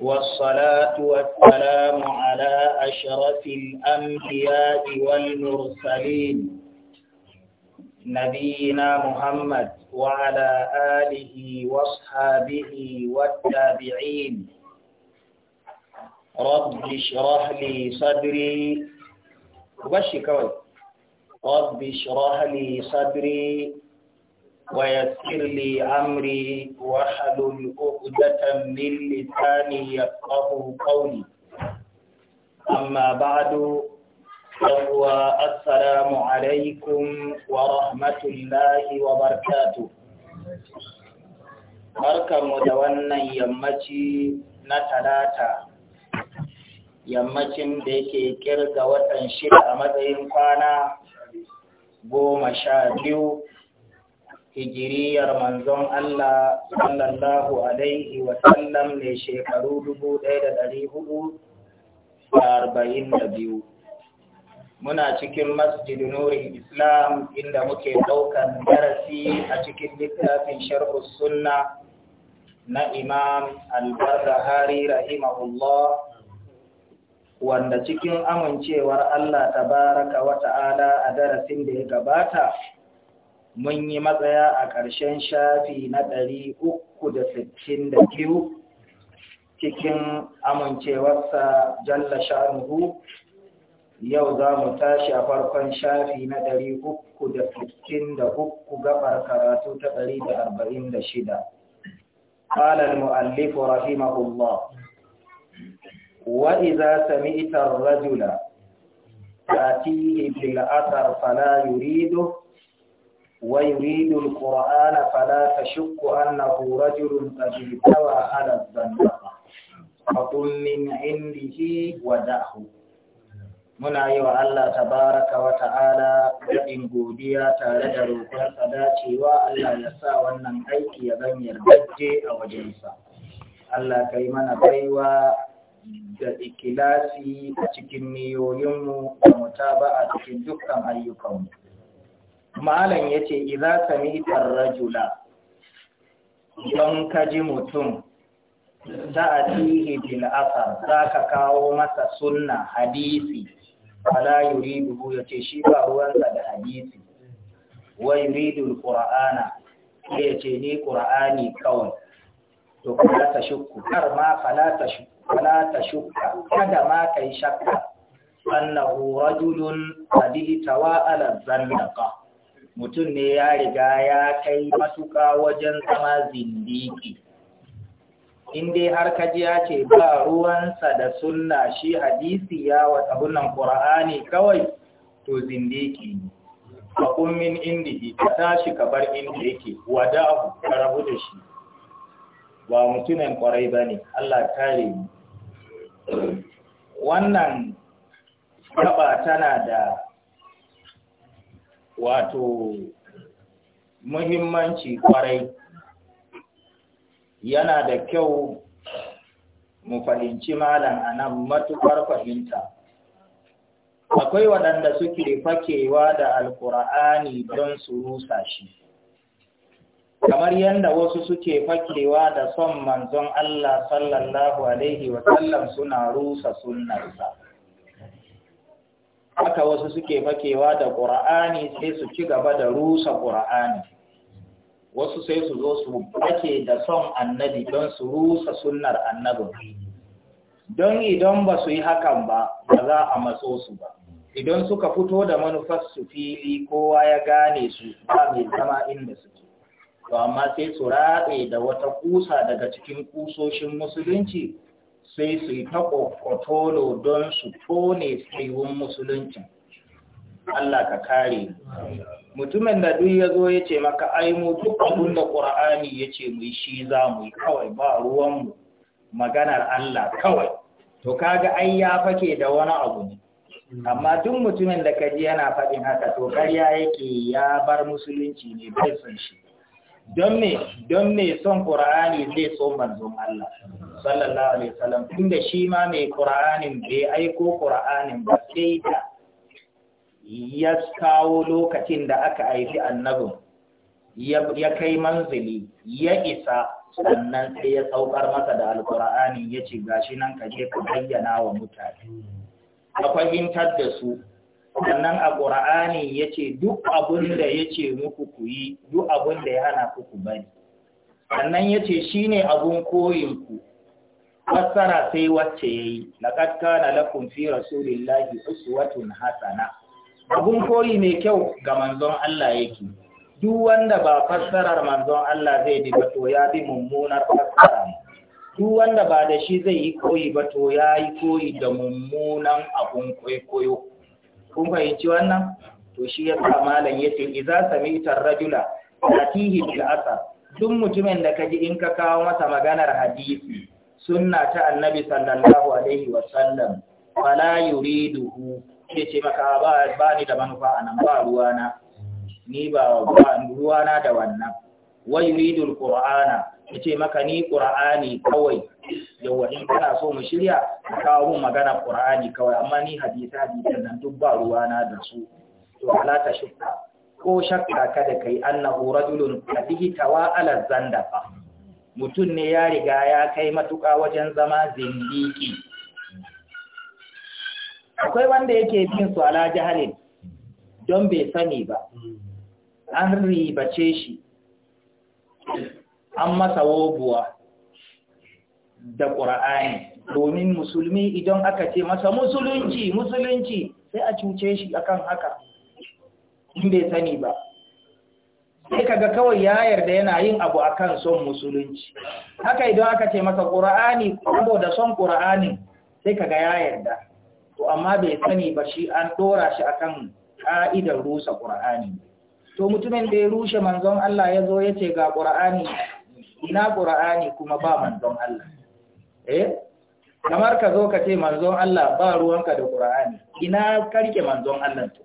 والصلاة والسلام على أشرف الأنبياء والمرسلين نبينا محمد وعلى آله واصحابه والتابعين رب اشرح لي صدري وبشي رب اشرح لي صدري ويسر لي أمري واحلل عقدة من لساني يفقه قولي أما بعد فهو السلام عليكم ورحمة الله وبركاته da wannan yammaci na talata yammacin da yake kirga watan shida a matsayin kwana goma sha biyu hijiriyar manzon Allah sallallahu alaihi wa sallam ne shekaru dubu ɗaya da ɗari huɗu da arba'in da biyu. Muna cikin Masjid Nurin Islam inda muke ɗaukan darasi a cikin littafin sharhu sunna na Imam Al-Barbahari rahimahullah wanda cikin amincewar Allah tabaraka wa ta'ala a darasin da ya gabata mun yi matsaya a ƙarshen shafi na ɗari uku da sittin da biyu cikin amincewarsa jalla sha'anuhu yau za mu tashi a farkon shafi na ɗari uku da sittin da uku gabar karatu ta ɗari da arba'in da shida za ta رحمه الله وإذا سمعت الرجل fi Fala ويريد القرآن فلا تشك أنه رجل قد احتوى على الزندقة فقل من عنده ودعه muna yi wa Allah tabaraka wa ta'ala daɗin godiya tare da roƙonsa dacewa Allah ya sa wannan aiki ya zan yardajje a wajensa. Allah ka yi mana baiwa da ikilasi a cikin niyoyinmu da mutaba a cikin dukkan ayyukanmu. malam ya ce iza sami rajula don ka ji mutum za a tihe bil asar za ka kawo masa sunna hadisi wala yuridu ya ce shi ba ruwansa da hadisi wa yuridu qur'ana ya ce ni qur'ani kawai to kala ta shukku kar ma kala ta shukku kala ta shukka kada ma kai shakka annahu rajulun hadita ala zannaqa mutum ne ya riga ya kai matuƙa wajen zama zindiki in dai har kaji ya ce ba ruwansa da sunna shi hadisi ya wata hunan ƙura'ani kawai to zindiki ne ka Indi indihi ka tashi ka bar inda yake abu ka rabu da shi ba mutumin ƙwarai ba ne Allah kare mu wannan taba tana da wato muhimmanci kwarai yana da kyau mu fahimci malam a nan matuƙar fahimta akwai waɗanda suke fakewa da alkur'ani don su rusa shi kamar yadda wasu suke fakewa da son manzon Allah sallallahu alaihi wasallam suna rusa sunnarsa haka wasu suke fakewa da ƙura'ani sai su ci gaba da rusa ƙura'ani wasu sai su zo su fake da son annabi don su rusa sunnar annabin don idan ba su yi hakan ba ba za a matso su ba idan suka fito da manufar su fili kowa ya gane su ba mai zama inda suke to amma sai su raɗe da wata kusa daga cikin kusoshin musulunci sai su yi ta ƙoƙotolo don su tone tsayuwan musulunci Allah ka kare mutumin da duk ya zo ya ce maka ai mu duk abin da ƙura'ani ya ce mu shi za mu yi kawai ba ruwanmu maganar Allah kawai to kaga ai ya fake da wani abu ne amma duk mutumin da kaji yana faɗin haka to karya yake ya bar musulunci ne bai san shi don me son ƙura'ani zai son manzon Allah sallallahu alaihi wasallam tunda shi ma mai qur'anin bai aiko qur'anin ba sai da ya kawo lokacin da aka aiki annabin ya kai manzili ya isa sannan sai ya saukar masa da alkur'ani ya ce gashi nan ka je ka bayyana wa mutane a fahimtar da su sannan a ƙur'ani ya ce duk abin da ya ce muku ku yi duk abin da ya hana ku ku bari sannan ya ce shi ne abin koyinku fassara sai wacce ya yayi laqad kana lakum fi rasulillahi uswatun hasana abun koyi mai kyau ga manzon Allah yake duk wanda ba fassarar manzon Allah zai bi ba to ya bi mummunar fassara ne duk wanda ba da shi zai yi koyi ba to ya yi koyi da mummunan abun kwaikwayo kun fahimci wannan to shi ya sa malam ce. Iza sami ar-rajula atihi bil asar duk mutumin da kaji in ka kawo masa maganar hadisi sunna ta annabi sallallahu alaihi wasallam fala yuriduhu ke ce maka ah, ba ba ni da manufa anan ba ruwana ni ba ba ruwana da wannan wa yuridul qur'ana ya ce maka ni qur'ani kawai yawa in kana so mu shirya kawo magana ƙur'ani kawai amma ni hadisa hadisi nan duk ba ruwana da su to ala ta shukka ko shakka kada kai annahu rajulun kadihi tawa ala zandafa mutum ne ya riga ya kai matuƙa wajen zama zindiki akwai wanda yake bin su ala don bai sani ba an ribace shi an masa wobuwa da ƙura'ani domin musulmi idan aka ce masa musulunci musulunci sai a cuce shi akan haka in bai sani ba sai ga kawai ya yarda yana yin abu akan son musulunci haka idan aka ce masa qur'ani saboda son qur'anin sai ka ga ya yarda to amma bai sani ba shi an dora shi akan ka'idar rusa qur'ani to mutumin da ya rushe manzon Allah ya zo ya ce ga qur'ani ina qur'ani kuma ba manzon Allah eh kamar ka zo ka ce manzon Allah ba ruwanka da qur'ani ina karke manzon Allah to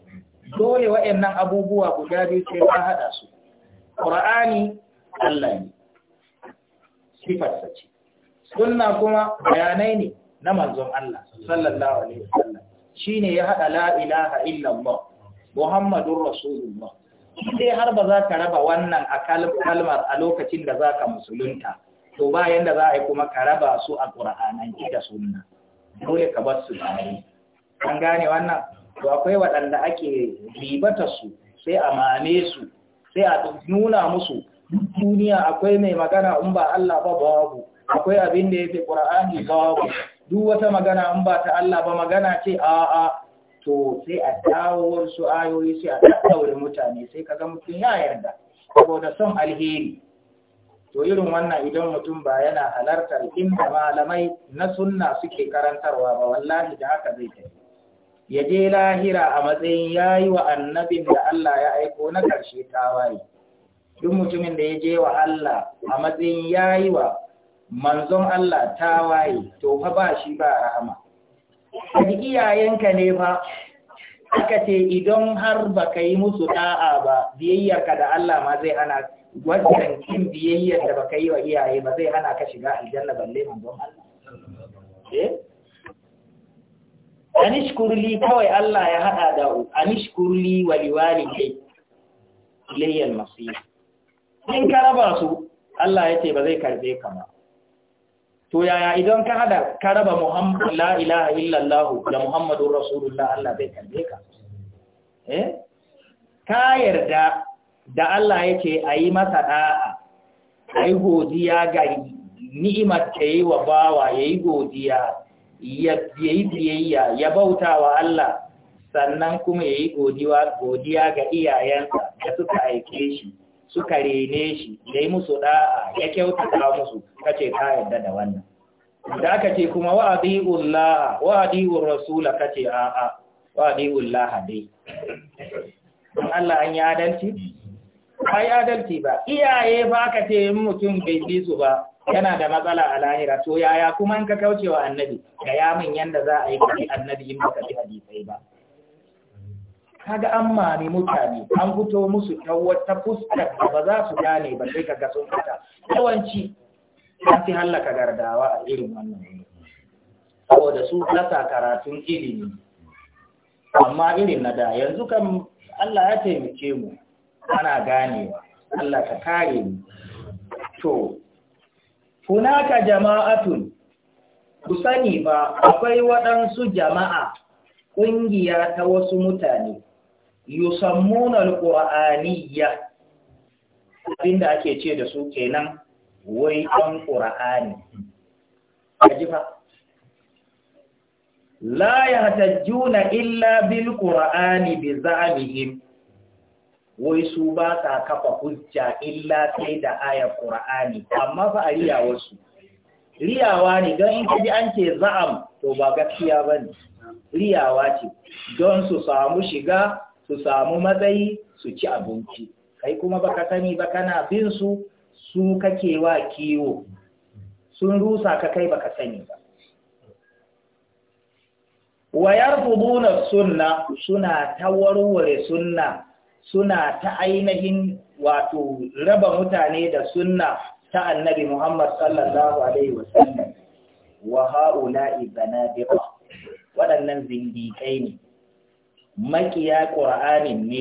dole waɗannan abubuwa guda biyu sai ka haɗa su Qur'ani Allah ne sifarsa ce sunna kuma bayanai ne na manzon Allah sallallahu alaihi wasallam shine ya haɗa la ilaha illallah muhammadur rasulullah sai har ba za ka raba wannan a kalmar a lokacin da za ka musulunta to bayan da za a yi kuma ka raba su a ƙura'ananki da sunna dole ka bar su tare an gane wannan to akwai waɗanda ake ribata su sai a mame su sai a nuna musu duniya akwai mai magana in ba Allah ba babu akwai abin da yake Qur'ani babu duk wata magana in ba ta Allah ba magana ce a a to sai a dawo su ayoyi sai a tattaure mutane sai kaga mutum ya yarda saboda son alheri to irin wannan idan mutum ba yana halartar inda malamai na sunna suke karantarwa ba wallahi da haka zai tafi ya je lahira a matsayin ya yi wa annabin da Allah ya aiko na ƙarshe tawaye. Duk mutumin da ya je wa Allah a matsayin ya yi wa manzon Allah tawaye, to fa ba shi ba rahama. Kaji iyayenka ne fa, aka ce idan har ba ka yi musu ɗa'a ba, biyayyarka da Allah ma zai hana gwajin kin biyayyar da ba ka yi wa iyaye ba zai hana ka shiga aljanna balle manzon Allah. Eh? anishkurli kawai Allah ya haɗa da anishkurli waliwali kai ilayyar masu in ka raba su Allah ya ce ba zai karbe ka ba to yaya idan ka hada ka raba Muhammad la ilaha illallah da Muhammadur Rasulullah Allah zai karbe ka eh ka yarda da Allah yake ayi masa da'a ayi godiya ga ni'imar da yayi wa bawa yayi godiya ya yi biyayya ya bauta wa Allah sannan kuma ya yi godiya ga iyayensa da suka aike shi suka rene shi dai musu da'a ya kyautata musu kace ka yadda da wannan da aka ce kuma wa'adi'ullaha wa'adi'ur rasul kace a'a wa'adi'ullaha dai don Allah an yi adalci ai adalci ba iyaye ba ka ce mutum bai bi su ba yana da matsala a lahira to yaya kuma in ka kaucewa annabi ga min yanda za a yi kai annabi in baka bi hadisai ba kaga amma ne mutane an fito musu ta wata fuska da ba za su gane ba sai kaga sun fita yawanci an fi hallaka gardawa a irin wannan saboda su rasa karatun ilimi amma irin na da yanzu kan Allah ya taimake mu ana ganewa Allah ka kare mu to hunaka jama'atun ku sani ba akwai waɗansu jama'a ƙungiya ta wasu mutane ƙura'aniya. Abin da ake ce da su kenan wai an qur'ani kajifa la juna illa bil ƙura'ani bi za'mihim wai su ba sa kafa hujja illa sai da ayar Qur'ani amma fa a riyawarsu. riyawa ne don in kaji an ce za'am to ba gaskiya bane riyawa ce don su samu shiga su samu matsayi su ci abinci kai kuma baka sani ba kana bin su su kake wa kiwo sun rusa ka kai baka sani ba Wayar yarfuduna sunna suna warware sunna suna ta ainihin wato raba mutane da sunna ta annabi Muhammad sallallahu alaihi wasallam wa ibana banadiqa waɗannan zindikai ne makiya ƙur'ani ne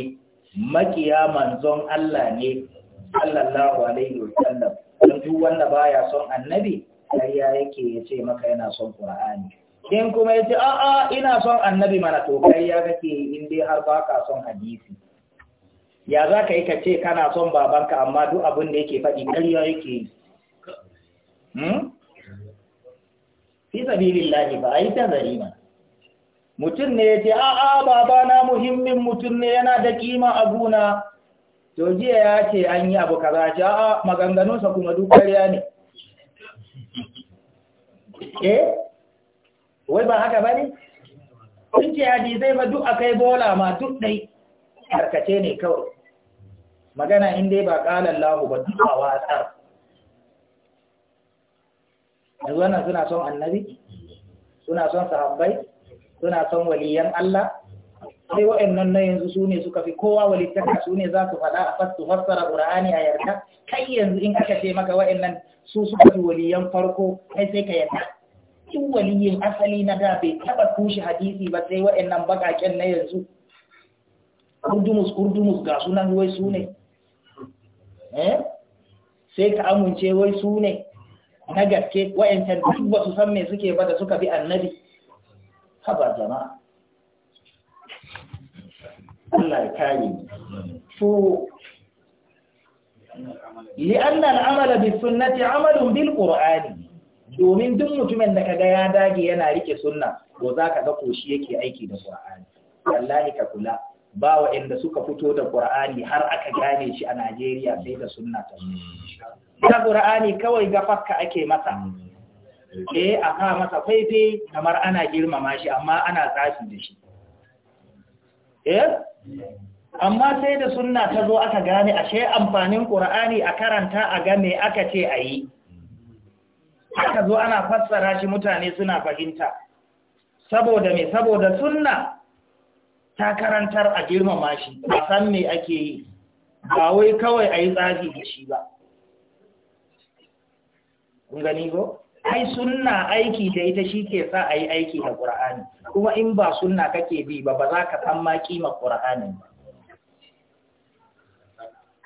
makiya manzon Allah ne sallallahu alaihi wasallam don duk wanda baya son annabi kariya yake ya ce maka yana son qur'ani in kuma ya ce a'a ina son annabi mana to kariya kake in dai har baka son hadisi ya za ka yi ka ce kana son babanka amma duk abin da yake faɗi ƙarya yake yi hmm? fi sabilillahi ba a yi ta zarima mutum ne ya ce a'a babana muhimmin mutum ne yana da kima a guna to jiya ya ce an yi abu kaza ce a'a maganganunsa kuma duk ƙarya ne eh wai ba haka ba ne sun ce hadisai ma duk akai bola ma duk dai. harkace ne kawai magana in dai ba ƙalan lahu ba duk a watsar yanzu wannan suna son annabi suna son sahabbai suna son waliyan Allah sai wa'annan na yanzu su ne suka fi kowa walittaka su ne za su faɗa a fasu fassara ƙur'ani a yarda kai yanzu in aka ce maka wa'annan su suka fi waliyan farko kai sai ka yarda in waliyin asali na da bai taɓa kushe hadisi ba sai wa'annan baƙaƙen na yanzu kurdumus kurdumus ga sunan wai su ne Eh? sai ka amince wai su ne na gaske wa'yancan duk ba su san me suke ba da suka bi annabi haba jama'a Allah ya kayi so li'anna al'amala bis sunnati amalun bil qur'ani domin duk mutumin da kaga ya dage yana rike sunna ko zaka ga ko shi yake aiki da qur'ani wallahi ka kula ba inda suka fito da Qur'ani har aka gane shi a Najeriya sai da sunna ta ta Qur'ani kawai gafaka ake masa mm. eh a ka masa faife kamar ana girmama shi amma ana tsafi da shi eh amma sai da sunna ta zo aka gane ashe amfanin Qur'ani a karanta a ga me aka ce a yi aka zo ana fassara shi mutane suna fahimta saboda me saboda sunna ta karantar a girmama shi a san me ake yi ba wai kawai a yi tsafi da shi ba gani ko ai sunna aiki da ita shi ke sa a yi aiki da ƙur'ani, kuma in ba sunna kake bi ba ba za ka san ma kima ƙura'ani ba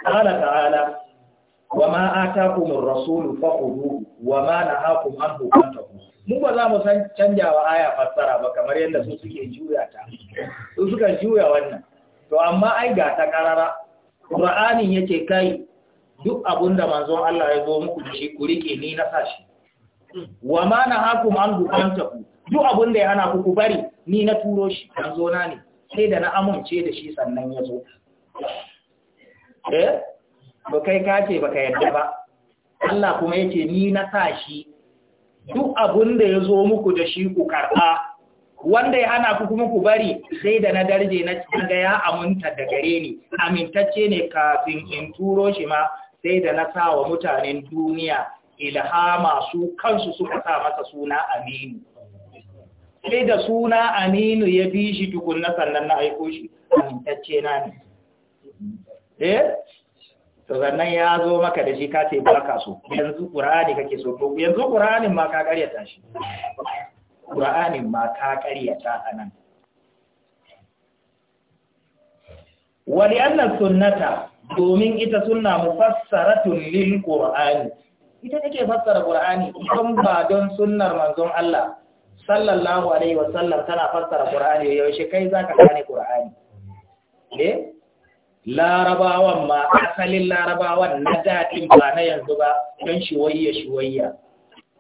ƙala ta'ala wa ma atakumur rasulu faqudu wa ma nahakum anhu fantahu mu ba za mu san canjawa aya fassara ba kamar yadda su suke juya ta su suka juya wannan to amma ai ga ta karara qur'ani yake kai duk abunda manzon Allah ya zo muku da shi ku rike ni na sashi wa ma nahakum an ku. duk abunda ya ana ku ku bari ni na turo shi zo na ne sai da na amince da shi sannan ya zo eh ba kai ka ba baka yadda ba Allah kuma yake ni na sashi duk abunda ya zo muku da shi ku karba wanda ya hana ku kuma ku bari sai da na darje na ga ya aminta da gare ni amintacce ne kafin in turo shi ma sai da na sa wa mutanen duniya ilhama su kansu suka sa masa suna aminu sai da suna aminu ya bi shi na sannan na aiko shi amintacce na ne eh to sannan ya zo maka da shi ka ce ba ka so yanzu ƙur'ani kake so to yanzu ƙur'anin ma ka karyata shi ƙura'anin ma ka ƙaryata a nan wani annan sunnata domin ita suna mu mufassaratun lil ƙura'ani ita take fassara ƙura'ani idan ba don sunnar manzon Allah sallallahu alaihi wasallam tana fassara ƙura'ani yaushe kai za ka gane ƙura'ani ne larabawan ma asalin larabawan na daɗin ba na yanzu ba don shiwayya shiwayya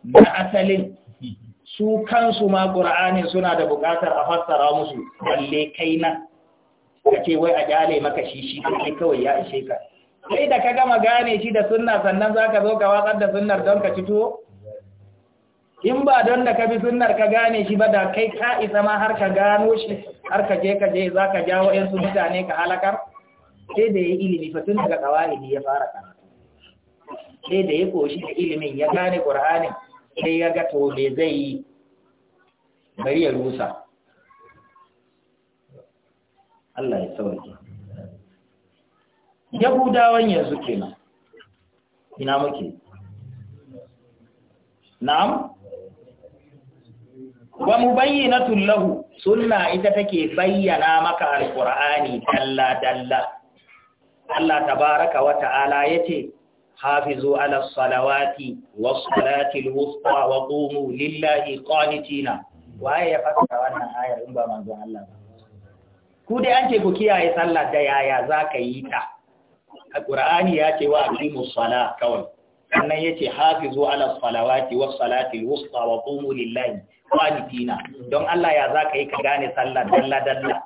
na asalin su kansu ma ƙura'ani suna da buƙatar a fassara musu balle kai na ce wai a kyale maka shi shi kai kawai ya ishe ka sai da ka gama gane shi da sunna sannan za ka zo ka watsar da sunnar don ka ci tuwo in ba don da ka bi sunnar ka gane shi ba da kai ka isa ma har ka gano shi har ka je ka je za ka jawo su mutane ka halakar sai da ya ilimi tun daga ne ya fara karatu sai da ya koshi da ilimin ya gane ƙura'anin sai ya ga to me zai yi bari ya rusa Allah ya sauke Yahudawan yanzu kenan ina muke na'am wa mubayyinatul lahu sunna ita take bayyana maka alqur'ani dalla dalla Allah tabaraka wa ta'ala yace hafizu ala salawati was salati al-wusta wa qumu lillahi kwanitina. waye ya fassara wannan ayar in ba manzon Allah ba ku dai an ce ku kiyaye sallah da yaya za ka yi ta Al-Qur'ani ya ce wa aqimus sala kawai sannan ya ce hafizu ala salawati was salati al-wusta wa qumu lillahi kwanitina. don Allah ya za ka yi ka gane sallah dalla dalla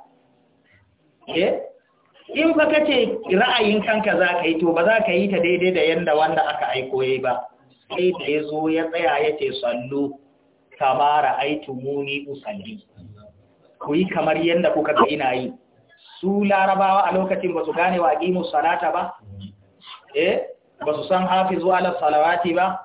in fa ce ra'ayin kanka za ka yi to ba za ka yi ta daidai da yadda wanda aka aiko yi ba sai da ya zo ya tsaya ya ce sallu kamara muni usalli ku yi kamar yadda kuka ga ina yi su larabawa a lokacin ba su gane wa aqimu salata ba eh ba su san hafizu ala salawati ba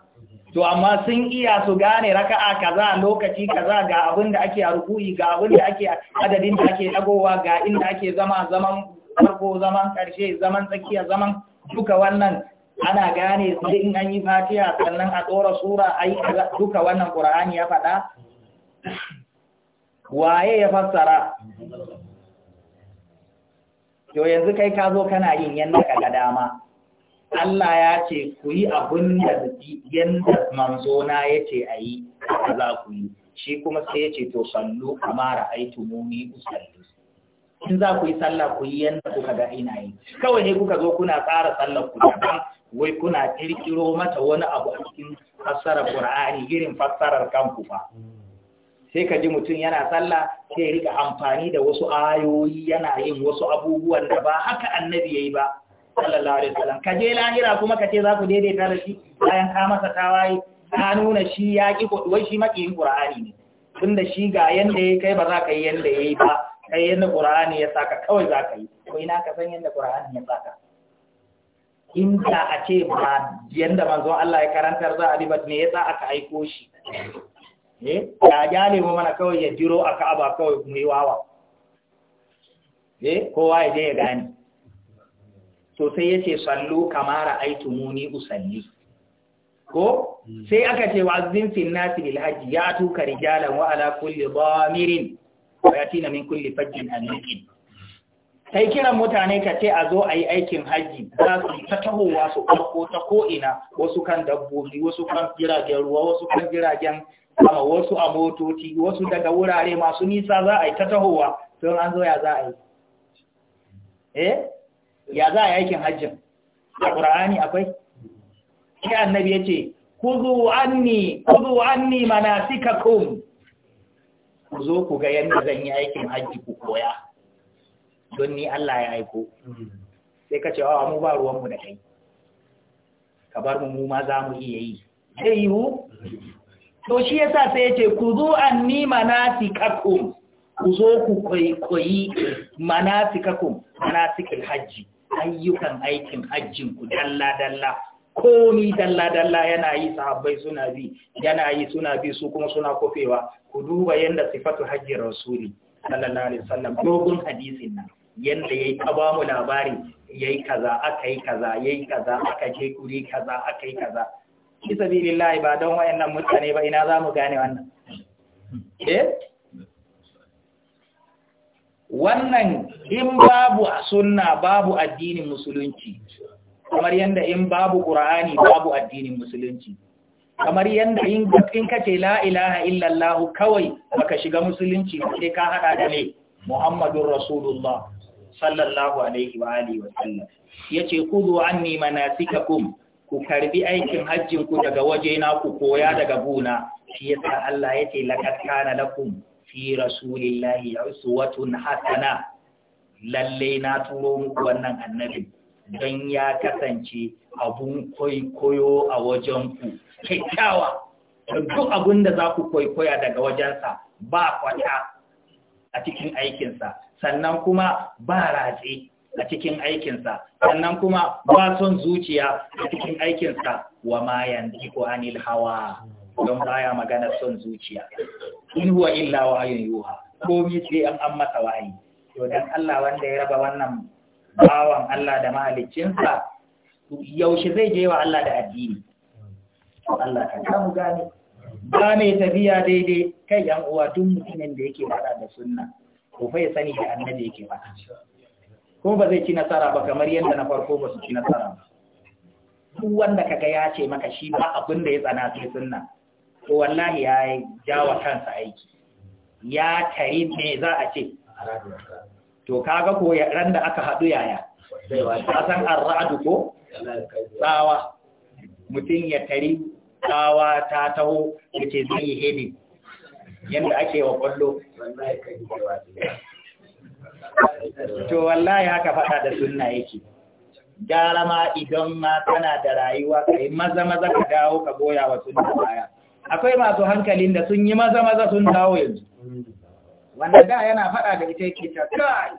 to amma sun iya su gane raka'a kaza lokaci kaza ga abin da ake a rukuyi ga abin da ake adadin da ake dagowa ga inda ake zama zaman farko zaman ƙarshe zaman tsakiya zaman duka wannan ana gane sai in an yi fatiha sannan a tsora sura yi duka wannan qur'ani ya faɗa waye ya fassara Yau yanzu kai ka zo kana yin yanda ka ga dama Allah ya ce ku yi abin da yanda ya ce a yi za ku yi shi kuma sai ya ce to sallu kama ra'aytumuni usalli in za ku yi sallah ku yi yanda kuka ga ina yi kawai ne kuka zo kuna tsara sallar ku daban wai kuna kirkiro mata wani abu a cikin fassarar Qur'ani irin fassarar kanku ba sai ka ji mutum yana sallah sai ya rika amfani da wasu ayoyi yana yin wasu abubuwan da ba haka annabi yayi ba sallallahu alaihi wasallam ka je lahira kuma ka ce za ku daidaita da shi bayan ka masa tawaye ka nuna shi ya ki wai shi makiyin Qur'ani ne tunda shi ga yanda yake kai ba za ka yi yanda yayi ba kai yadda ƙura'ani ya saka kawai za ka yi ko ina ka san yadda ƙura'ani ya saka inda a ce ba yadda manzon Allah ya karantar za a bi ba ya sa aka aiko shi eh ya jale mu mana kawai ya jiro a Ka'aba kawai mu yi wawa eh kowa ya je ya gane to sai yace sallu kamara muni usalli ko hmm. sai aka ce wa azzin fil nasi bil hajji ya tu karijalan wa ala kulli damirin wa yatina min kulli fajjin amiqin kai kiran mutane ka ce a zo a yi aikin hajji za su ta tahowa su farko ta ko'ina wasu kan dabbobi wasu kan jiragen ruwa wasu kan jiragen sama wasu a motoci wasu daga wurare masu nisa za a yi ta tahowa sai an zo ya za a yi eh ya za a yi aikin hajjin a ƙura'ani akwai sai annabi ya ce kuzu anni kuzu anni manasikakum ku zo ku ga yadda zan yi aikin hajji ku koya don ni Allah ya aiko sai ka ce wa mu ba mu da kai ka bar mu mu ma za mu iya yi zai yi to shi yasa sai yace ku zo an anni manasikakum ku zo ku koyi manasikakum manasikil hajji ayyukan aikin hajjin ku dalla dalla komi dalla-dalla yana yi sahabbai suna bi yana yi suna bi su kuma suna kofewa ku duba yadda sifatu hajji rasuli sallallahu alaihi wasallam dogon hadisin nan yadda yayi ta mu labari yayi kaza aka yi kaza yayi kaza aka je kuri kaza aka yi kaza shi sabilillahi ba don wayannan mutane ba ina za mu gane wannan eh wannan in babu sunna babu addinin musulunci kamar yanda in babu qur'ani babu addinin musulunci kamar yanda in in kace la ilaha illallah kawai baka shiga musulunci sai ka hada da ne muhammadur rasulullah sallallahu alaihi wa alihi wa sallam yace kudu anni manasikakum ku karbi aikin hajjin ku daga wajena ku koya daga buna shi yasa Allah yace laqad kana lakum fi rasulillahi uswatun hasana lalle na turo muku wannan annabi don ya kasance abun kwaikwayo a wajen ku kyakkyawa duk abun da za ku kwaikwaya daga wajensa ba kwata a cikin aikinsa sannan kuma ba ratse a cikin aikinsa sannan kuma ba son zuciya a cikin aikinsa wa ma ko anil hawa don baya magana son zuciya in huwa illa wa yuha komi sai an an masa wa'ayi to dan Allah wanda ya raba wannan bawan Allah da mahaliccinsa yaushe zai je wa Allah da addini Allah ka samu gane ba mai tafiya daidai kai yan uwa tun mutumin da yake fada da sunna ko fa sani da annabi yake fada ko ba zai ci nasara ba kamar yadda na farko ba su ci nasara ba duk wanda kaga ya ce maka shi ba abin da ya tsana sai sunna ko wallahi ya jawa kansa aiki ya tare me za a ce to kaga ko ya da aka hadu yaya ta san arra'adu ko tsawa mutum ya tari tsawa ta taho yace zai yi hedi yadda ake wa kwallo to wallahi haka faɗa da sunna yake gara ma idan ma tana da rayuwa kai maza maza ka dawo ka goya wa sunna baya akwai masu hankalin da sun yi maza maza sun dawo yanzu wanda da yana faɗa da ita yake ta kai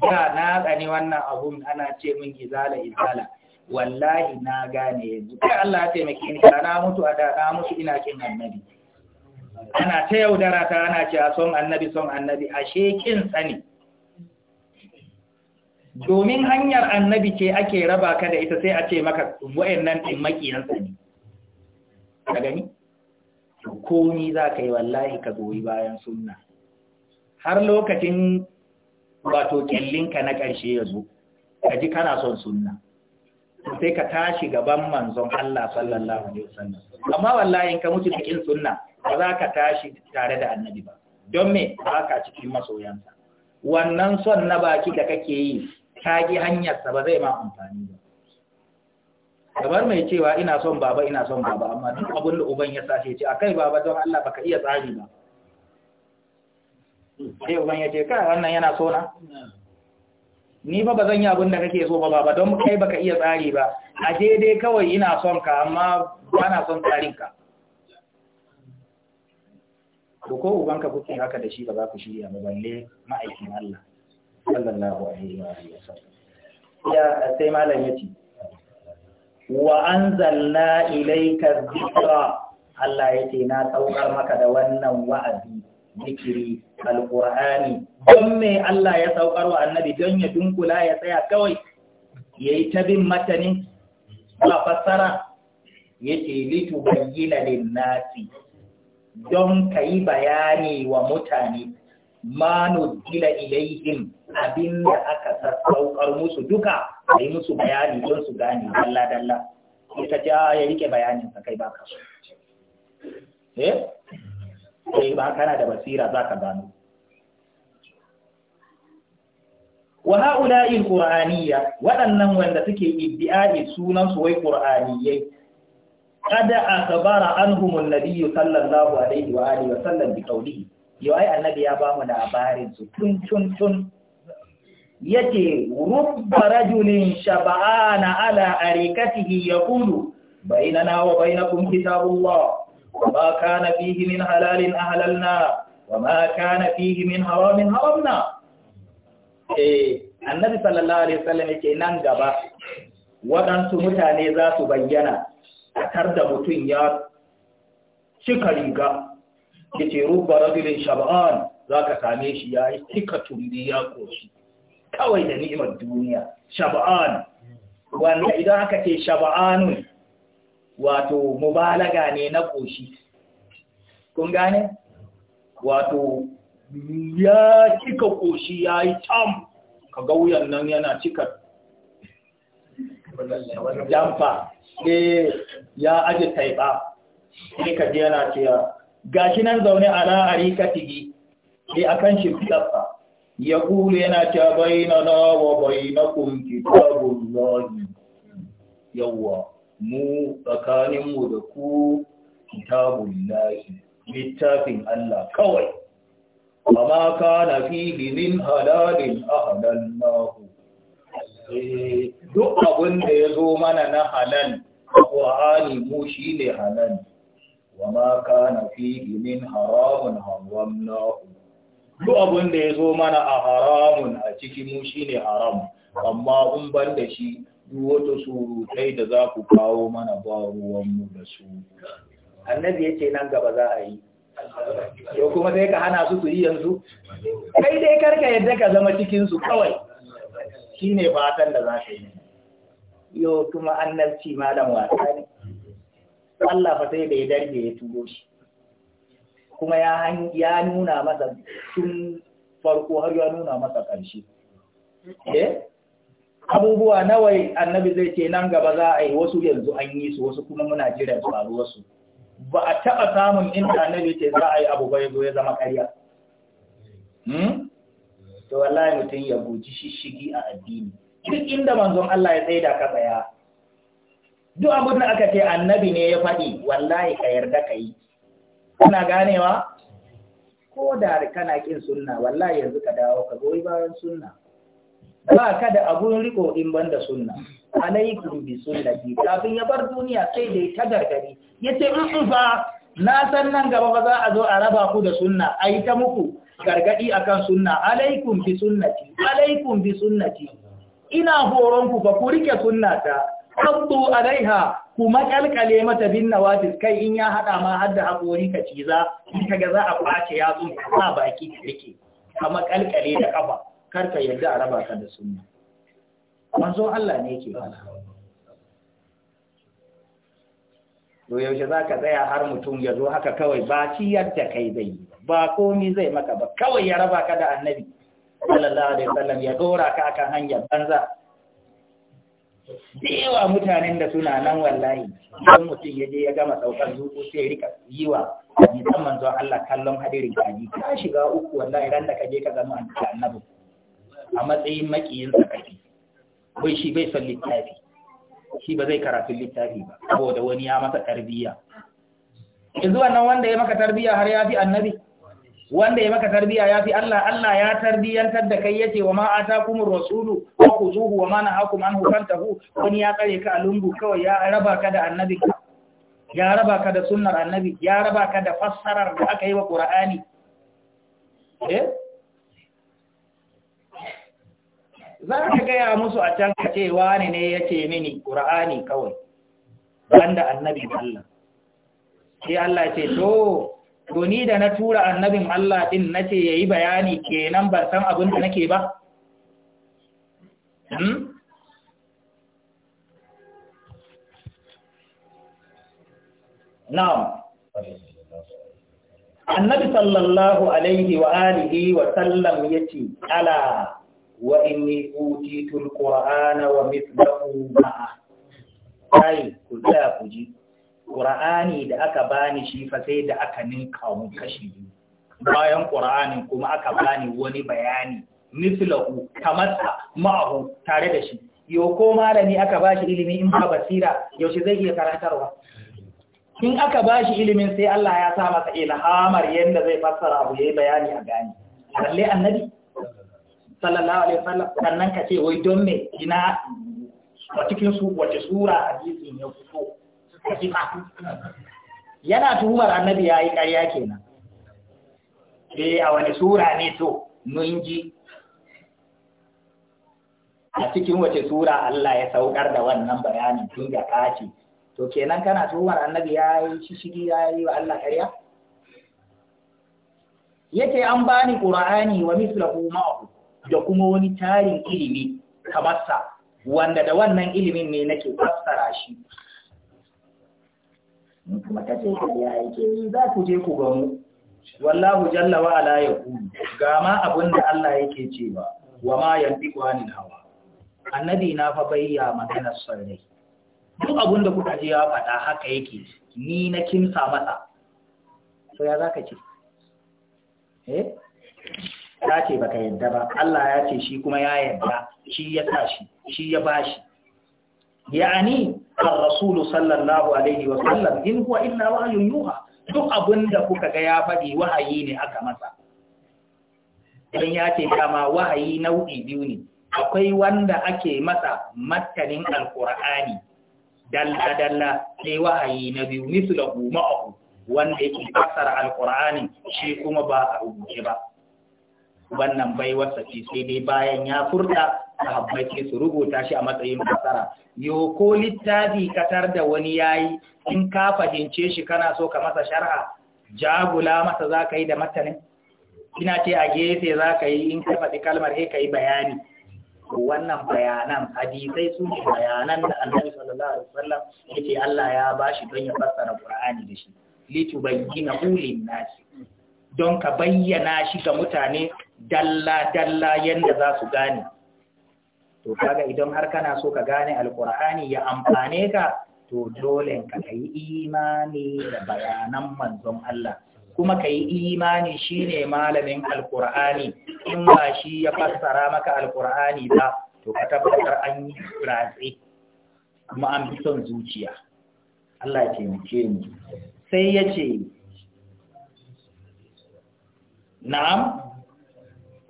da na tsani wannan abun ana ce min gizala izala wallahi na gane yanzu kai Allah ya taimake ni na mutu a da na mutu ina kin annabi ana ta yaudara ta ana ce a son annabi son annabi ashe kin tsani domin hanyar annabi ce ake raba ka da ita sai a ce maka wayannan din makiyan tsani. ka gani ko ni za ka yi wallahi ka goyi bayan sunna har lokacin wato kyallinka na ƙarshe ya zo ka ji kana son sunna sai ka tashi gaban manzon Allah sallallahu alaihi wasallam amma wallahi ka mutu cikin sunna ba za ka tashi tare da annabi ba don me ba ka cikin masoyanta? wannan son na baki da kake yi ka gi hanyarsa ba zai ma amfani ba kamar mai cewa ina son baba ina son baba amma duk abin da uban ya sace ce kai baba don Allah baka iya tsari ba sai uban ya ce kai wannan yana so na ni ba ba zan yi abin da kake so ba ba don kai baka iya tsari ba a daidai kawai ina son ka amma ba na son tsarin ka ko ko uban ka kuke haka da shi ba za ku shirya ba balle ma'aikin Allah sallallahu alaihi wa sallam ya sai malam yace wa anzalna ilayka dhikra Allah yake na saukar maka da wannan wa'azi zikiri alqur'ani don me Allah ya saukar wa annabi don ya dunkula ya tsaya kawai yayi ta bin matanin ba fassara yace litubayyana lin-nasi don kai bayani wa mutane manu nuzila ilaihim abin da aka sassaukar musu duka a musu bayani don su gane dalla-dalla ita ta ah, ya rike bayanin sa kai baka so eh? sai eh, ba kana da basira za ka gano wa ha’ula’i qur'aniyya waɗannan wanda suke iddi'ai sunan wai qur'aniyyai kada a ka an-nabiy sallallahu alaihi wa alihi wa sallan bi kauli yau ai annabi ya ba mu labarin su tun tun tun yace rubba rajulin shaba'ana ala arikatihi yaqulu bainana wa bainakum kitabullah وما كان فيه من حلال أهللنا وما كان فيه من حرام حرمنا eh annabi sallallahu alaihi wasallam yake nan gaba waɗansu mutane za su bayyana a tar da mutum ya cika riga ke ce rajulin shab'an za ka same shi ya yi cika tumbi ya koshi kawai da ni'imar duniya shab'an wanda idan aka ce shab'anun wato mubalaga ne na koshi, kun gane wato ya cika koshi, ya yi tam ka ga wuyan nan yana cika jamfa ne eh, ya aji taiba sai ka ji yana cewa gashi nan zaune eh, a ra'ari ka tigi sai akan shi fitarsa ya kulu yana cewa bai na nawa bai na kun kitabun lahi yawwa mu tsakaninmu da ku kitabun lahi littafin Allah kawai amma na fihi min halalin ahalallahu duk abin da ya zo mana na halal ƙwa'ani mu shi ne halal wa ma na fi min haramun haramnahu duk abin da ya zo mana a haramun a ciki mu shi ne haram amma in ban da shi wata surutai da za ku kawo mana ba mu da su annabi ya nan gaba za a yi yau kuma sai ka hana su su yi yanzu kai dai karka yadda ka zama cikinsu kawai shi ne fatan da za ka yi yau kuma annabci malam wasa ne Allah fa sai da ya darge ya turo shi kuma ya nuna masa tun farko har ya nuna masa ƙarshe eh abubuwa nawa annabi zai ce nan gaba za a yi wasu yanzu an yi su wasu kuma muna jiran wasu? ba a taɓa samun inda annabi ce za a yi abu bai zo ya zama ƙarya hmm? to wallahi mutum ya guji shishigi a addini duk inda manzon Allah ya tsaida ka tsaya duk abin da aka ce annabi ne ya faɗi wallahi ka yarda ka yi kana ganewa ko da kana kin sunna wallahi yanzu ka dawo ka goyi bayan sunna ba ka da abun riko in banda sunna alaikum bi sunnati kafin ya bar duniya sai dai ta gargari yace in mm, mm, fa na san nan gaba ba za a zo a raba ku da sunna Ayi ta muku gargadi akan sunna alaikum bi sunnati alaikum bi sunnati ina horon ku fa ku rike ta abdu alaiha ku makalkale mata bin nawafis kai in ya hada ma har da hakori ka ciza kaga za a kwace yatsu ba baki rike ka kalkale da kafa karka yadda a raba ka da sunna manzon Allah ne yake fara to yaushe za ka tsaya har mutum ya zo haka kawai ba ci da kai zai yi ba komi zai maka ba kawai ya raba ka da annabi sallallahu alaihi wasallam ya dora ka akan hanyar banza Dewa mutanen da suna nan wallahi, don mutum ya je ya gama saukar zuku sai rika yiwa nisan zuwa Allah kallon hadirin kaji, ka shiga uku wallahi ran da ka je ka zama annabi. a matsayin makiyin tsakaki wai shi bai son littafi shi ba zai karatun littafi ba saboda wani ya masa tarbiyya yanzu wannan wanda ya maka tarbiyya har ya fi annabi wanda ya maka tarbiyya ya fi Allah Allah ya tarbiyyantar da kai yace wa ma atakumur rasulu wa khuzuhu wa ma nahakum anhu fantahu wani ya tsare ka a lungu kawai ya raba ka da annabi ya raba ka da sunnar annabi ya raba ka da fassarar da aka yi wa qur'ani eh za ka gaya musu a can ka ce wani ne ya ce mini ƙura'ani kawai banda annabin Allah sai Allah ce to to ni da na tura annabin Allah din ya yi bayani kenan ban san abin da nake ba hmm na'am annabi sallallahu alaihi wa alihi wa sallam ya ce, ala وإني أوتيت القرآن ومثله معه kai ku tsaya ku ji Qur'ani da aka bani shi fa sai da aka ninka mu kashi biyu bayan Qur'anin kuma aka bani wani bayani mislahu kamar ma'ahu tare da shi yau ko malami aka bashi ilimin in ba basira yaushe zai iya karantarwa in aka bashi ilimin sai Allah ya sa masa ilhamar yadda zai fassara abu yayi bayani a gani lalle annabi sallallahu alaihi wasallam sannan ka ce wai don me ina a cikin su wace sura hadisin ya fito ah. yana tuhumar annabi yayi ƙarya kenan eh a wani sura ne to mun ji a cikin wace sura Allah ya saukar da wannan bayanin tun da kaci to kenan kana tuhumar annabi yayi shishigi yayi wa Allah ƙarya yace an bani qur'ani wa mislahu ma'ahu da kuma wani tarin ilimi kamar wanda da wannan ilimin ne nake fassara shi kuma ta kace kariya yake yi za ku je ku gamu wallahu jalla wa ala yaqulu ga ma da Allah yake cewa wa ma yantiqu anil hawa annabi na fa bayya maganar sarrai duk da kuka ji ya faɗa haka yake ni na kimsa masa So ya zaka ce eh Yace ce baka yarda ba Allah ya ce shi kuma ya yarda shi ya sa shi shi ya bashi ya'ani ar-rasul sallallahu alaihi wa sallam in huwa illa wahyun yuha duk abinda kuka ga ya faɗi wahayi ne aka masa dan ya ce kama wahayi nau'i biyu ne akwai wanda ake masa matanin alqur'ani dalla dalla sai wahayi na biyu mislahu ma'ahu wanda yake fasara alqur'ani shi kuma ba a rubuce ba wannan baiwarsa ce sai dai bayan ya furta sahabbai sai su rubuta shi a matsayin fasara yo ko littafi katar da wani yayi in ka fahimce shi kana so ka masa sharha jagula masa za ka yi da matanin ina ce a gefe za ka yi in ka faɗi kalmar sai ka yi bayani wannan bayanan hadisai su ne bayanan da annabi sallallahu alaihi wasallam yake Allah ya bashi don ya fassara Qur'ani da shi litubayyina ulil nasi don ka bayyana shi ga mutane dalla-dalla yadda za su gane. To, kaga idan har kana so ka gane alkur'ani ya amfane ka, to dole ka yi imani da bayanan manzon Allah. Kuma ka yi imani shine ne malamin alkur'ani in ba shi ya fassara maka alkur'ani ba, to ka tabbatar an yi ratse, kuma an fi son zuciya. Allah mu muke ni. Sai ya ce, Na'am?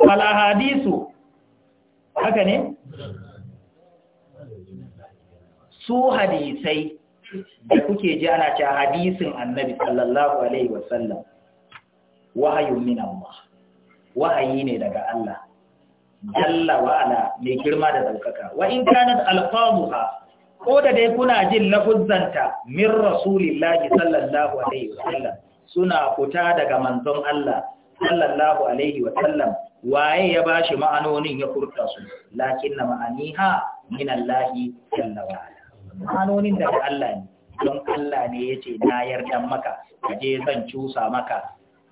hadisu haka ne su hadisai da kuke ji ana ce hadisin annabi sallallahu alaihi wasallam wahayun min Allah wahayi ne daga Allah jalla wa mai girma da daukaka wa in kanat alfamuha ko da dai kuna jin lafuzzanta min rasulillahi sallallahu alaihi wasallam suna fita daga manzon Allah sallallahu alaihi wasallam waye ya ba shi ma'anonin ya furta su lakin na ma'ani ha! min Allah jalla wa ala ma'anonin daga Allah ne don Allah ne yace na yarda maka kaje zan cusa maka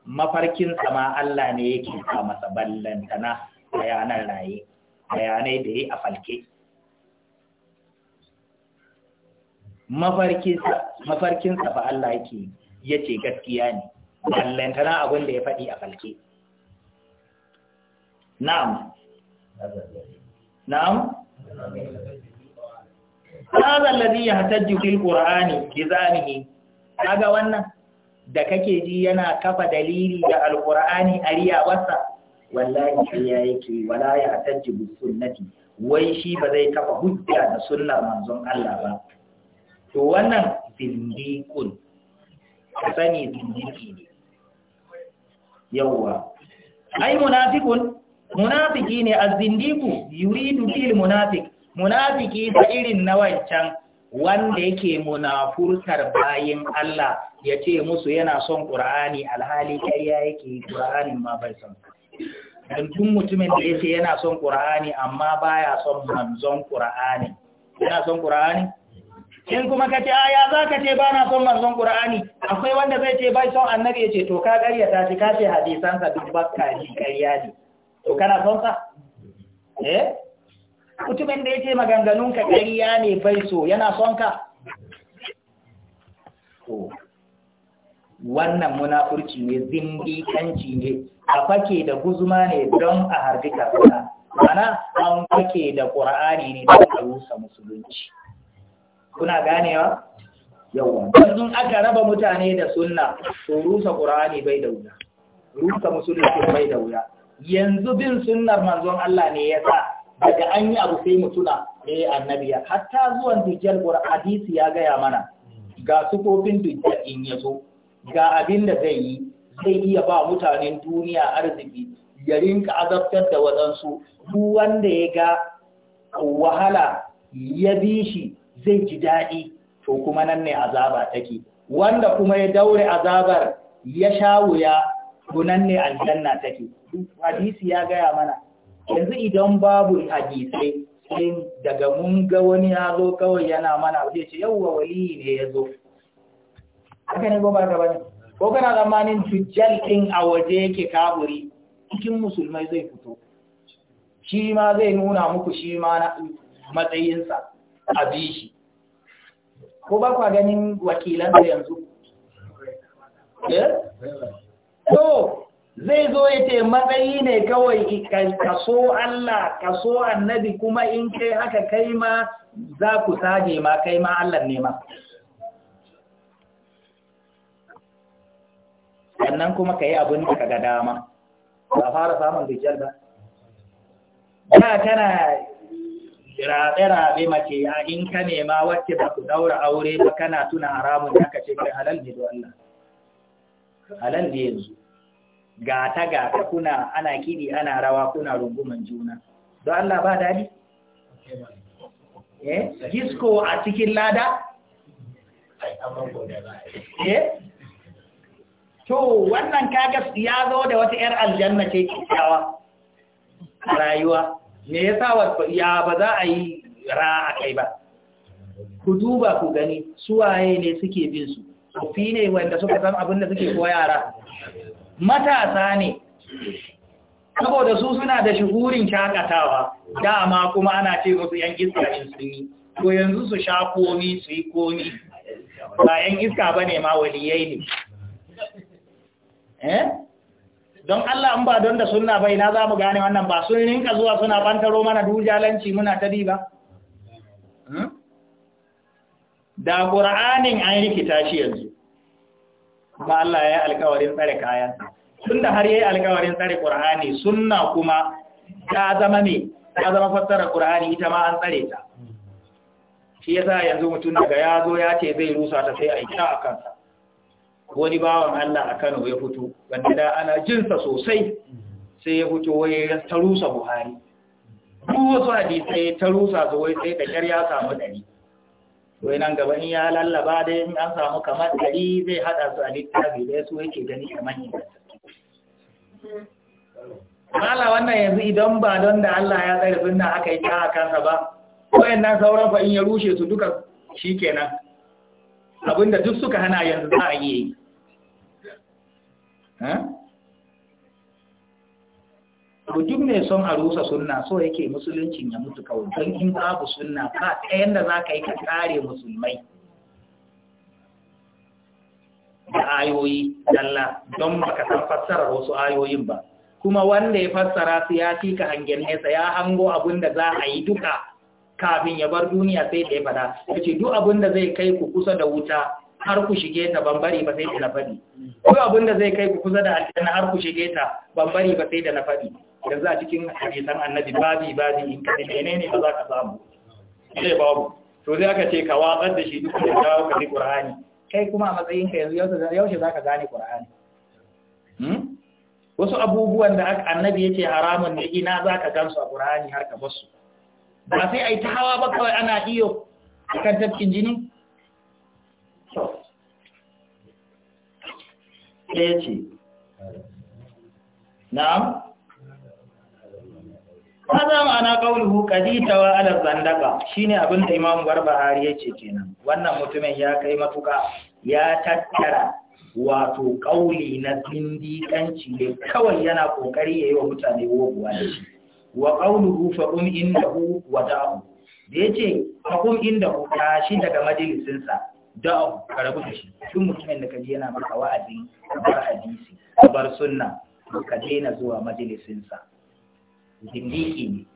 mafarkin sama Allah ne yake sa masa ballantana bayanan raye bayanai da yi a falke mafarkinsa fa Allah yake yace gaskiya ne ballantana abin da ya faɗi a falke na'am na'am hadha alladhi yahtajju fil qur'ani bi kaga wannan da kake ji yana kafa dalili da Alƙur'ani ariya wasa wallahi ya yake wala ya tajji sunnati wai shi ba zai kafa hujja da sunnar manzon Allah ba to wannan zindiqun sani zindiki ne yawa ai munafiqun munafiki ne a zindiqu yuridu bil munafik munafiki da irin na wancan wanda yake munafurtar bayin Allah ya ce musu yana son Qur'ani alhali kariya yake Qur'anin ma bai son dukkan mutumin da yace yana son Qur'ani amma baya son manzon Qur'ani yana son Qur'ani in kuma ka ce aya za ka ce ba na son manzon ƙura'ani akwai wanda zai ce bai son annabi ya ce to ka ta shi ka ce hadisansa duk bakka ƙarya ne to kana son sa eh mutumin da yake maganganun ka kariya ne bai so yana son ka to wannan munafurci ne kanci ne a fake da guzuma ne don a harbi kasuwa mana an fake da qur'ani ne don a rusa musulunci kuna ganewa yawan in aka raba mutane da sunna to rusa qur'ani bai da wuya rusa musulunci bai da wuya yanzu bin sunnar manzon Allah ne ya sa daga an yi abu sai mutuna eh annabiya hatta zuwan dujjal hadisi ya gaya mana ga sufofin dujjal in ya zo ga abin da zai yi zai iya ba mutanen duniya arziki ya rinka azabtar da waɗansu duk wanda ya ga wahala ya bi shi zai ji daɗi to kuma nan ne azaba take wanda kuma ya daure azabar ya sha wuya gunan ne aljanna take hadisi ya gaya mana yanzu idan babu hadisai sai daga mun ga wani ya zo kawai yana mana zai ce yawwa wali ne ya zo haka ne goma gaba bane ko kana zamanin tujjal ɗin a waje yake kaburi cikin musulmai zai fito shi ma zai nuna muku shi ma na matsayinsa a bishi. ko ba kwa ganin da yanzu? Eh? To, zai zo ya ce matsayi ne kawai kaso Allah kaso annabi kuma in kai haka kai ma za ku sage ma kai ma Allah ne ma sannan kuma ka yi abin da ga dama ba fara samun bijiyar ba ya tana rabe-rabe mace a in ka nema wacce ba ku daura aure ba kana tuna haramun ya kace kai halal ne da Allah halal ne yanzu gata gata kuna ana kiɗi ana rawa kuna runguman juna don Allah ba daɗi eh disco a cikin lada eh to wannan kaga ya zo da wata yar aljanna ce kyawa a rayuwa me yasa ya ba za a yi ra a kai ba ku duba ku gani suwaye ne suke bin su kofi ne wanda suka san abin da suke koyara matasa ne saboda su suna da shugurin shakatawa dama kuma ana ce musu yan iska shi sun yi ko yanzu su sha komi su yi komi ba yan iska ba ne ma waliyai ne eh don Allah in ba don da sunna bai na za mu gane wannan ba sun rinka zuwa suna bantaro mana dujalanci muna ta ba hmm? da ƙura'anin an rikita shi yanzu ba Allah ya yi alkawarin tsare kayansa tunda har yayi alkawarin tsare Qur'ani sunna kuma ta zama me ta zama fassara Qur'ani ita ma an tsare ta shi yasa yanzu mutum daga ya zo ya ce zai rusa ta sai a ta a kansa wani bawan Allah a Kano ya fito wanda da ana jinsa sosai sai ya fito waye ta rusa Buhari ko wasu hadisai ta rusa zo waye sai da ƙarya ya samu dari wai nan gaba in ya lallaba da in an samu kamar dari zai haɗa su a littafi da su yake gani kamar yadda Allah wannan yanzu idan ba don da Allah ya tsare sunna aka yi ta a kansa ba, wayannan sauran fa in ya rushe su duka shi kenan Abinda duk suka hana yanzu za a yi. Ku duk mai son a rusa sunna so yake musuluncin ya mutu kawai don in babu sunna ba ɗayan da za ka yi ka kare musulmai. Da ayoyi, dalla don baka san fassarar wasu ayoyin ba. kuma wanda ya fassara su ya fi ka hangen nesa ya hango abin da za a yi duka kafin ya bar duniya sai da ya fada ya ce duk abin da zai kai ku kusa da wuta har ku shige ta bambari ba sai da na fadi duk abin da zai kai ku kusa da aljanna har ku shige ta bambari ba sai da na faɗi yanzu a cikin hadisan annabi babi babi in ka ne ne ba za ka samu sai babu to sai aka ce ka watsar da shi duk da dawo ka ji qur'ani kai kuma a matsayin ka yanzu yaushe za ka gane qur'ani wasu abubuwan da aka annabi yake haramun ne ina zaka gamsu a Qur'ani har ka basu ba sai ai ta hawa ba kawai ana iyo kan tafkin jini yace ce na'am Haza ma'ana ƙauluhu ƙadita wa ala zandaka shine abinda abin da Imam Barbahari yace kenan. Wannan mutumin ya kai matuka ya tattara wato ƙauli na zindiƙanci ne kawai yana ƙoƙari ya yi wa mutane wobuwa da shi wa rufe fa inda ku wa abu. da ya ƙun inda ku ta shi daga majalisinsa sa da'u ka rabu da shi duk mutumin da kaji yana maka wa'azi bar hadisi bar sunna ka daina zuwa majalisinsa. sa ne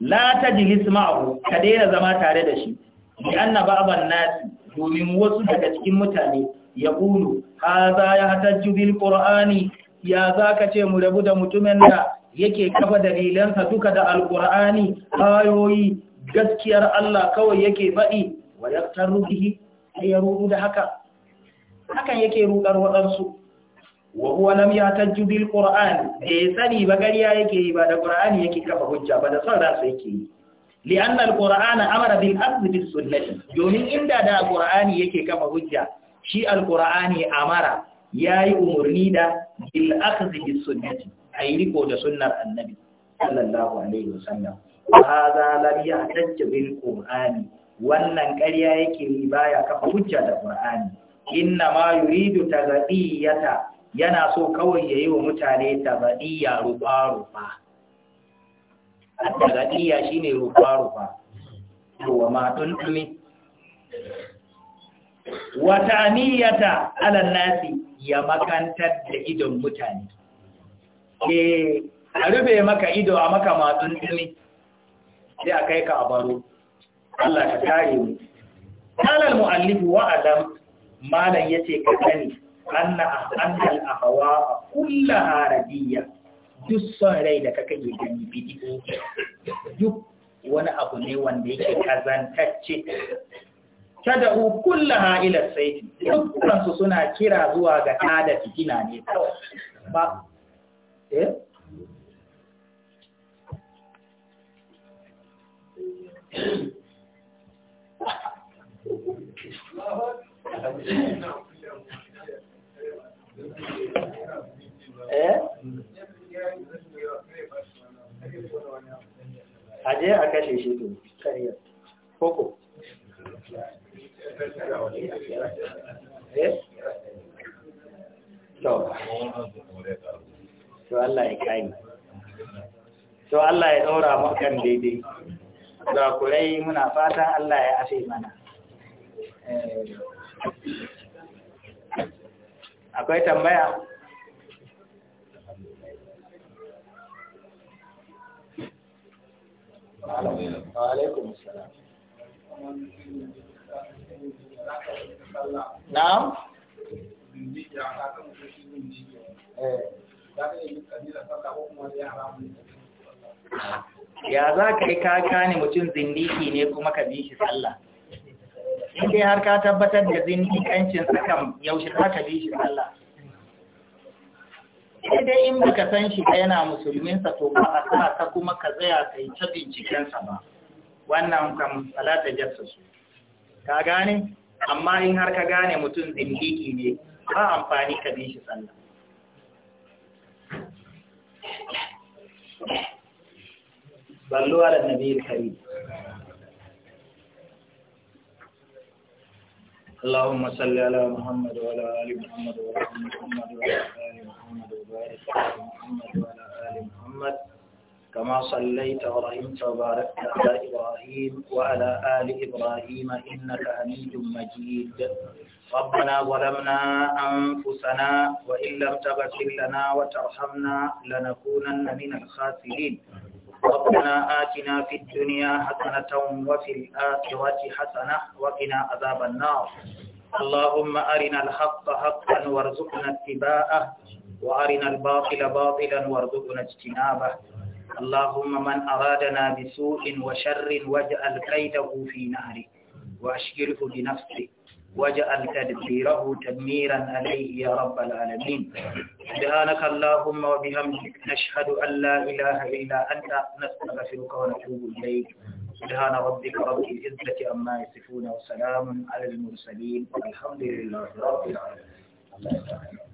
la ta jilis ma'ahu ka daina zama tare da shi li anna ba'dhan nasi domin wasu daga cikin mutane ya ƙulu haza ya hatajju bil qur'ani ya zaka ce mu rabu da mutumin da yake kafa dalilansa duka da alqur'ani ayoyi gaskiyar Allah kawai yake faɗi wa yaktaru bihi ya rudu da haka hakan yake rudar waɗansu wa huwa lam yatajju bil qur'an da ya sani ba gariya yake yi ba da qur'ani yake kafa hujja ba da son ransa yake yi li'anna al-qur'ana amara bil akhdh bis domin inda da al-qur'ani yake kafa hujja shi al-qur'ani amara yayi umurni da bil akhdh bis sunnati da sunnar annabi sallallahu alaihi wasallam hadha lam yahtaj bil qur'ani wannan ƙarya yake yi baya kafa hujja da qur'ani inna ma yuridu tazadiyata yana so kawai ya yi wa mutane tazadiya ruba rufa Al-Tagadiya shi ne rufa-rufa, wa matun ɗumi. Wata aniyata nasi ya makantar da idon mutane. e a rufe maka ido a maka matun ɗumi, sai a kai ka a baro, Allah ka kare mu. Alal mu'allifu wa'adam, malam ya ce ka sani, an na a hawa a kulla harabiyya. duk son rai da kaka yi gani bidiyo duk wani abu ne wanda yake kazantacce tada kullaha ila saiti dukkan su suna kira zuwa ga tada fitina ne kawai ba eh kan daidai ga kurai muna fatan Allah ya afe mana eh, akwai tambaya za ka yi kaka ne mutum zindiki ne kuma ka bi shi tsalla. in har ka tabbatar da zindikancin tsakan yaushe za ka bi shi tsalla. sai dai in baka san shi ba yana musulminsa to ba a sa ta kuma ka zaya ka yi ta bincikensa ba wannan kam salata su. ka gane amma in har ka gane mutum zindiki ne ba amfani ka bi shi sallah صلوا على النبي الكريم اللهم صل على محمد وعلى آل محمد وعلى محمد وعلى آل محمد وبارك على محمد وعلى آل محمد كما صليت ورحمت وباركت على إبراهيم وعلى آل إبراهيم إنك حميد مجيد ربنا ظلمنا أنفسنا وإن لم تغفر لنا وترحمنا لنكونن من الخاسرين ربنا آتنا في الدنيا حسنة وفي الآخرة حسنة وقنا عذاب النار اللهم أرنا الحق حقا وارزقنا اتباعه وأرنا الباطل باطلا وارزقنا اجتنابه اللهم من أرادنا بسوء وشر واجعل كيده في نهره وأشغله بنفسه واجعل تدبيره تدميرا عليه يا رب العالمين سبحانك اللهم وبحمدك نشهد أن لا إله إلا أنت نستغفرك ونتوب إليك سبحان ربك رب العزة عما يصفون وسلام على المرسلين والحمد لله رب العالمين